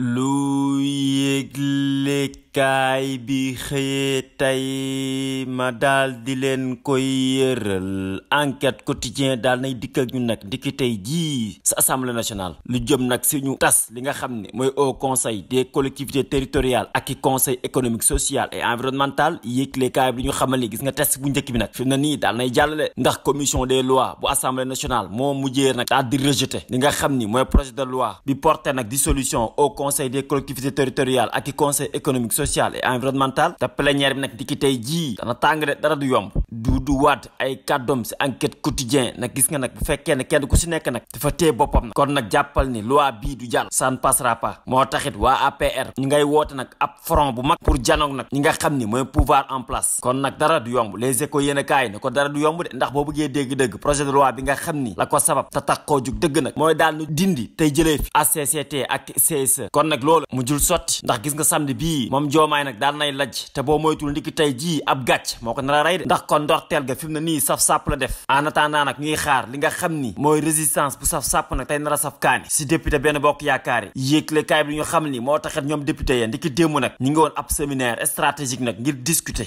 le kaay bi xëyee tey ma daal di leen koy yëral enquête quotidien daal nay dikk ñun nag ndiki tey jii sa assemblée nationale lu jëm nag si ñu tas li nga xam ni mooy au conseil des collectivités territoriales ak i conseil économique social et environnemental yéegle kaay bi ñu xamal ni gis nga test bu njëkk bi nag fi mu ne nii daal nay jàllale ndax commission des lois bu assemblée nationale moo mujjee nag daal di rejeté li nga xam ni mooy projet de loi bi porté nag dissolution au conseil des collectivités territoriales ak i conseil économique sociale et environnementale te plénière bi nag di ki tey jii dana tàng de dara du yomb Doudou Wade ay kàddoom si enquête quotidien nag gis nga nag bu fekkee nag kon nag ni loi bii du jàll ça ne passera pas moo taxit waa APR ñu ngay woote dara du yomb les échos yéen a kaay ne ko dara du yomb de ndax boo bëggee dégg-dégg projet de loi bi nga xam ni la ko sabab te tax koo jug dëgg nag mooy daal nu dindi tey jëlee fi ACCT ak CSE kon nag loolu mu jul sotti ndax gis nga samedi bii moom joomaay nag daal nay laj te boo moytul ndiki tey jii ab gàcc moo ko a rey de ndax kon ndorteel ga nag xaar li nga xam ni mooy résistance bu saf-sàpp nag tey nar a saf kaani benn bokk yaakaar yi yéegle kaay bi ñu xam ni moo taxet ñoom député ya ndiki démb nag ñu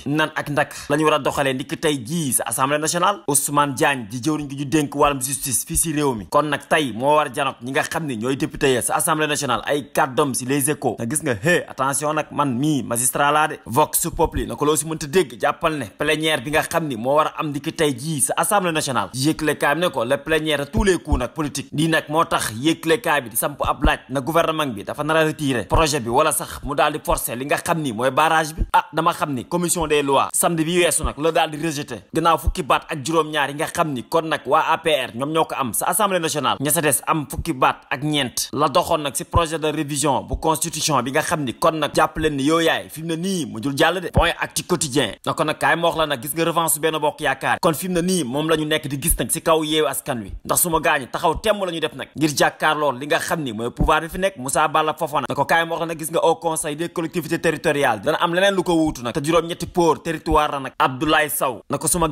ngi ak ndak la ñu war a doxalee ndiki tey jii sa assemblée nationale Ousmane Diagne di jëwriñ gi ñu dénk wàllum justice fii si réew mi kon nag tey moo war a ñi nga xam ni ñooy député ya sa assemblée nationale ay kàddoom si les échos na gis nga hé attention nag man mi nii magistrat de vox populi na ko loo si mënta dégg jàppal ne plénière bi nga xam ni moo war a am di ki tey jii sa assemblée nationale yëglekaay bi ne ko nag moo tax yëglekaay bi di bi dafa a mooy barrage bi ah dama xam ni commission des lois samedi bi weesu nag la daal di rejeté gannaaw fukki baat ak juróom-ñaar yi nga xam ni kon nag waa APR ñoom ñoo ko am sa assemblée nationale ña des am fukki baat ak ñeent la doxoon nag si projet de révision bu constitution yaay fi mu nii mu jul jàll de point ak na ko nag kaay ma la nag gis nga revanche benn bokk yaakaar kon fi mu nii moom la nekk di gis nag si kaw yeewu askan wi ndax su gaañi taxaw temm la def nag ngir jàkkaarloo li nga xam ni mooy pouvoir bi fi nekk Moussa Balla Fofana na ko kaay ma la nag gis nga au conseil des collectivités territoriales dana am leneen lu ko wuutu nag te juróom-ñetti pôle territoire la nag Abdoulaye Sow na ko su ma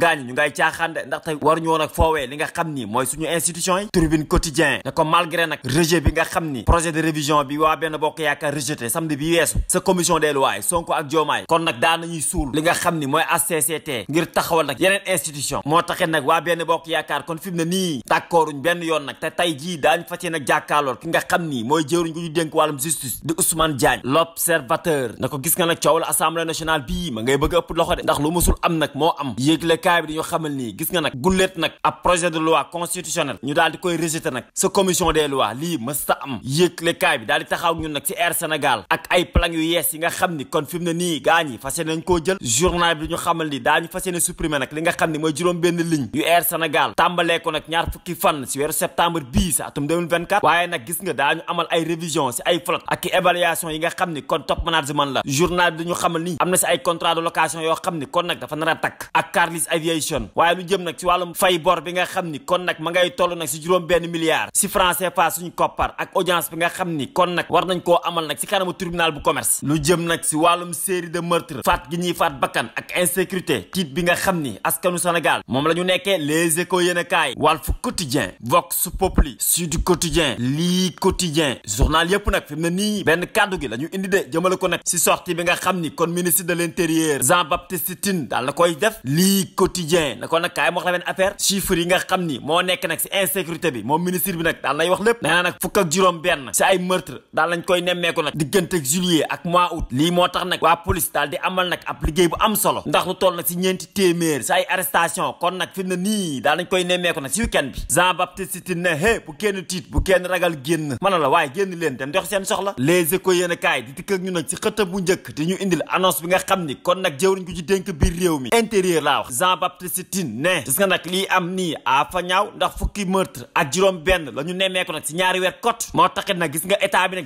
delluwaay Sonko ak kon nag daan nañuy suul li nga xam ni mooy HCCT ngir taxawal nag yeneen institution moo taxit nag waa benn bokk yaakaar kon fi mu ne nii d'accorduñ benn yoon nag te tey jii daañu fas yéene nag jàkkaarlool ki nga xam ni mooy jëwriñ gu ñu dénk wàllum justice di Ousmane Diagne l'observateur ko gis nga nag coow la assemblée nationale bii ma ngay bëgg a ëpp loxo de ndax lu musul am nag moo am yéegle kaay bi dañoo xamal nii gis nga nag gulleet nag ab projet de loi constitutionnel ñu daal di koy rejeté nag sa commission des lois lii mës ta am yéegle kaay bi daal di taxaw ñun nag ci Air Sénégal ak ay plan yu yees yi nga xam xam ni kon fi mu nii gaa ñi fas yéene nañ koo li nga xam ni mooy juróom benn ligne yu Air Sénégal tàmbalee ko nag ñaar fukki fan si weeru septembre bii sa atum 2024 waaye nag gis nga daañu amal ay révision si ay flotte ak i évaluation yi nga xam ni kon top management la journal bi dañu xamal ni am na si ay contrat de location yoo xam ni kon nag dafa nar a takk ak Carlis Aviation waaye lu jëm nag si wàllum fay bor bi nga xam ni kon nag ma ngay toll nag si juróom benn milliard si franc CFA suñu koppar ak audience bi nga xam ni kon nag war nañ koo amal nag si kanamu tribunal bu commerce lu nag si wàllum série de meurtre faat gi ñuy faat bakkan ak insécurité tiit bi nga xam ni askanu Sénégal moom la ñu nekkee les échos yéen a kaay Walf Quotidien Vox Populi Sud Quotidien lii Quotidien journal yëpp nag fi mu ne nii benn kàddu gi la ñu indi de jëmale ko nag si sortie bi nga xam ni kon ministre de l'intérieur Jean Baptiste Tine daal la koy def lii Quotidien na ko nag kaay moo xam ne affaire chiffre yi nga xam ni moo nekk nag si insécurité bi moom ministre bi nag daal nay wax lépp nee na fukk ak juróom benn si ay meurtre daal lañ koy nemmeeku nag diggante juillet ak lii moo tax nag waa police daal di amal nag ab bu am solo ndax lu toll nag si ñeenti téeméer si ay arrestation kon nag fi mu nii daal dañ koy nemmeeku nag si week bi Jean Baptiste Tine ne hé la waaye génn leen dem dox seen soxla les a kaay di dikk ak ñu nag si xëta bu njëkk di ñu indil annonce bi nga xam ni kon nag jëwriñ ko ci dénk biir réew mi intérieur laa wax Jean Baptiste Tine ne nga nag lii am nii a fa ndax fukki meurtre ak juróom benn la ñu nemmeeku nag si ñaari weer kot moo taxit nag gis nga état bi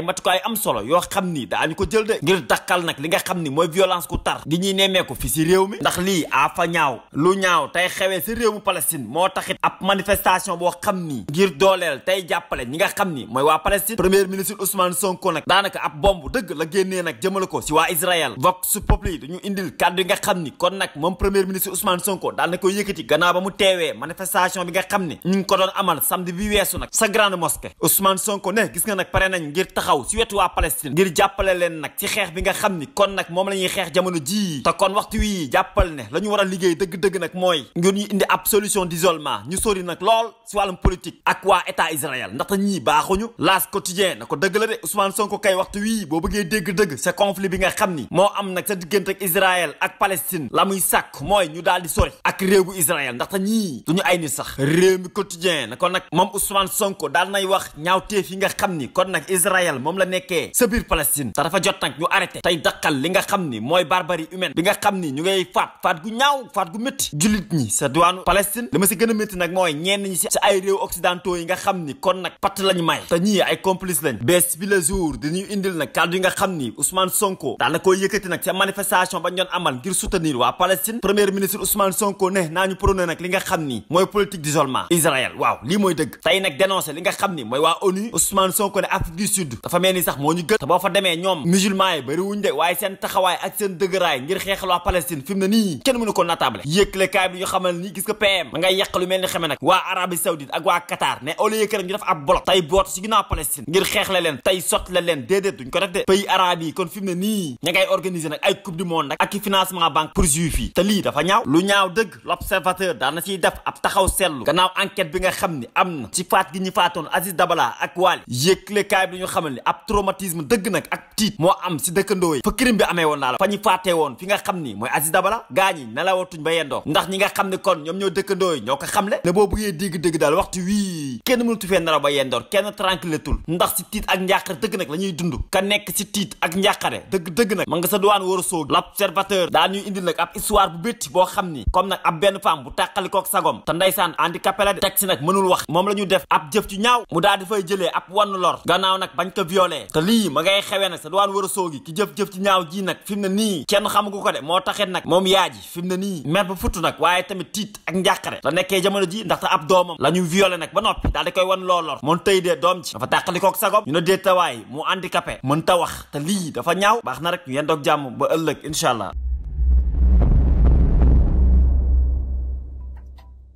ay matukaay am solo yoo xam ni daañu ko jël de ngir nga xam ni mooy violence ku tar gi ñuy nemmeeku fi si réew mi ndax lii afa ñaaw lu ñaaw tey xewee si réew mu Palestine moo taxit ab manifestation boo xam ni ngir dooleel tey jàppale ñi nga xam ni mooy waa Palestine premier ministre Ousmane Sonko nag daanaka ab la génnee nag jëmale ko si waa Israël vox populi dañu ni kon na ko yëkkati gannaaw ba mu teewee manifestation bi nga xam ni ñu ngi ko doon amal samedi bi weesu nag sa grande mosquée Ousmane Sonko ne gis nga nag pare nañ ngir taxaw taxaw si wetu waa Palestine ngir jàppale leen nag ci xeex bi nga xam ni kon nag moom la ñuy xeex jamono jii te kon waxtu la ñu war a liggéey dëgg-dëgg nag mooy ngir ñu indi ñu sori nag lool si wàllum politique ak waa état Israël ndaxte ñii baaxuñu laas quotidien na ko dëgg la de Ousmane Sonko kay waxtu wii boo bëggee dégg bi nga xam ni moo am nag sa diggante ak Israël ak Palestine la muy sàkk mooy ñu daal di sori ak réew bu Israël ndaxte ñii duñu ay ni sax réew mi quotidien na ko nag moom Ousmane Sonko daal nay wax ñaawteef yi nga xam ni kon nag Israël moom la nekkee sa biir Palestine te dafa jot nag ñu arrêté tey daqal li nga xam ni mooy barbarie humaine bi nga xam ni ñu ngay faat faat gu ñaaw faat gu métti jullit métti nag mooy ñenn ñi si yi nga xam ni kon nag patt lañ may te ñii ay complice lañ bés bi le jour dañuy indil nag kàddu yi nga xam ni Ousmane Sonko daana koo yëkkati nag sa manifestation ba ñu doon amal ngir soutenir waa Palestine premier ministre Ousmane Sonko ne naa ñu prôné nag li nga xam ni mooy politique d'isolement Israël waaw lii mooy dëgg tey nag dénoncé li nga xam ni mooy waa ONU Ousmane dafa mel ni sax moo ñu gën te fa demee ñoom musulman yi bëri de waaye seen taxawaay ak seen dëgëraay ngir xeexal waa Palestine fi mu nii kenn mënu ko natable yëkkale kaay bi ñu xamal ni gis nga ni ñu ngay organiser nag ay coupe du monde ak financement banque pour juif yi te dafa ñaaw lu ñaaw dëgg l'observateur daan na def ab taxaw seetlu gannaaw enquête bi nga xam ni am na ci faat gi ñu faatoon Aziz Dabala ak Waly yëkkale kaay bi ñu xamal ni ab traumatisme dëgg nag ak tiit moo am si dëkkandoo yi fa crime bi amee woon naa la fa ñu faatee woon fi nga xam ni mooy Aziz Dabala gaa ñi na la watuñ ba yendoo ndax ñi nga xam ni kon ñoom ñoo dëkkandoo yi ñoo ko xamle ne boo bëggee dégg-dégg daal waxtu wii kenn mënatu fee naraw ba yendoor kenn tranquilletul ndax si tiit ak njàqare dëgg nag la ñuy dund ka nekk si tiit ak njàqare dëgg dëgg nag ma nga sa duwaan war a soog l'observateur daa ñuy indil nag ab histoire bu bétti boo xam ni comme nag ab benn femme bu tàqalikook sagom te ndaysaan handicapé la de teg si nag mënul wax moom la ñu def ab jëf ci ñaaw mu daal fay jëlee ab wann lor violé te lii ma ngay xewee nag sa duwaan war a soogi ki jëf-jëf ci ñaaw ji nag fi mu ne nii kenn gu ko de moo taxit nag moom yaa ji fi mu ne nii mer ba futt nag waaye tamit tiit ak njàqare la nekkee jamono ji ndaxte ab doomam la ñu violé nag ba noppi daal di koy wan loolor moon tey dee doom ji dafa tàqalikook sagom ñu ne dee tawaay mu handicapé mën ta wax te lii dafa ñaaw baax na rek ñu yendoog jàmm ba ëllëg incha allah